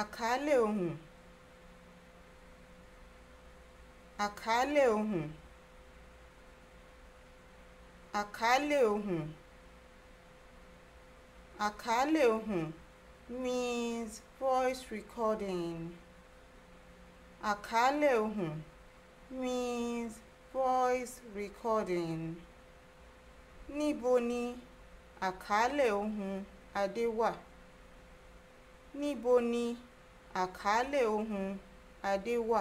àkàálẹ̀ ohùn àkàálẹ̀ ohùn àkàálẹ̀ ohùn àkàálẹ̀ ohùn means voice recording àkàálẹ̀ ohùn means voice recording níbo ni àkàálẹ̀ ohùn adé wà níbo ni àkàálẹ̀ ohùn adé wà